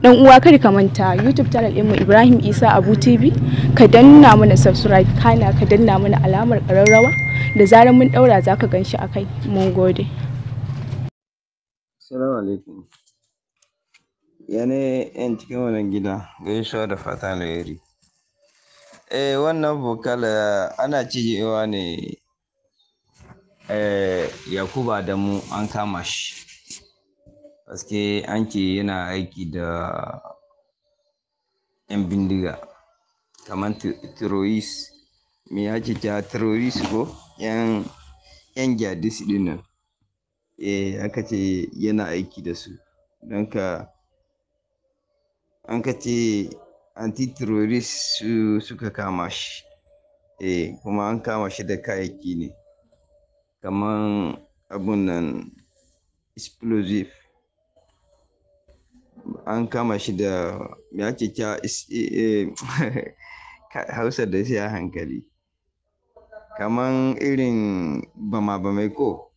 dan uwa kada ka manta youtube channel mu ibrahim isa abu tv ka danna mana subscribe kana ka danna mana alamar kararrawa da zarar mun daura za ka ganshi a kai mun gode assalamu alaikum yana yan cikin wannan gida gaisuwa da fata alheri eh wannan vocal ana cijewa ne eh yakuba da mu an kama shi Paske an ce yana aiki da 'yan bindiga, kamar terrorist, me ake ta terrorist ko 'yan, 'yan din nan Eh, aka ce yana aiki da su. Don ka, an ka ce anti-terrorist su suka kama shi. Eh, kuma an kama shi da kayayyaki ne, kaman abun nan explosive. an kama shi da ya ke kya hausa da sai a hankali kaman irin bama bama ko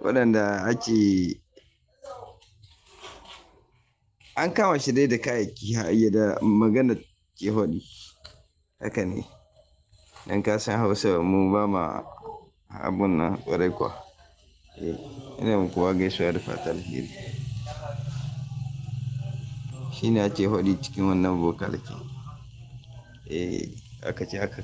waɗanda ake an kama shi dai da kayayyaki ya da magana ke haɗi haka ne don kasan hausa mu ba ma abun nan ƙwarai kuwa eh, ina kuwa gaisuwa da fatan alheri shine ake faɗi cikin wannan boka lake. Eh, aka ce haka.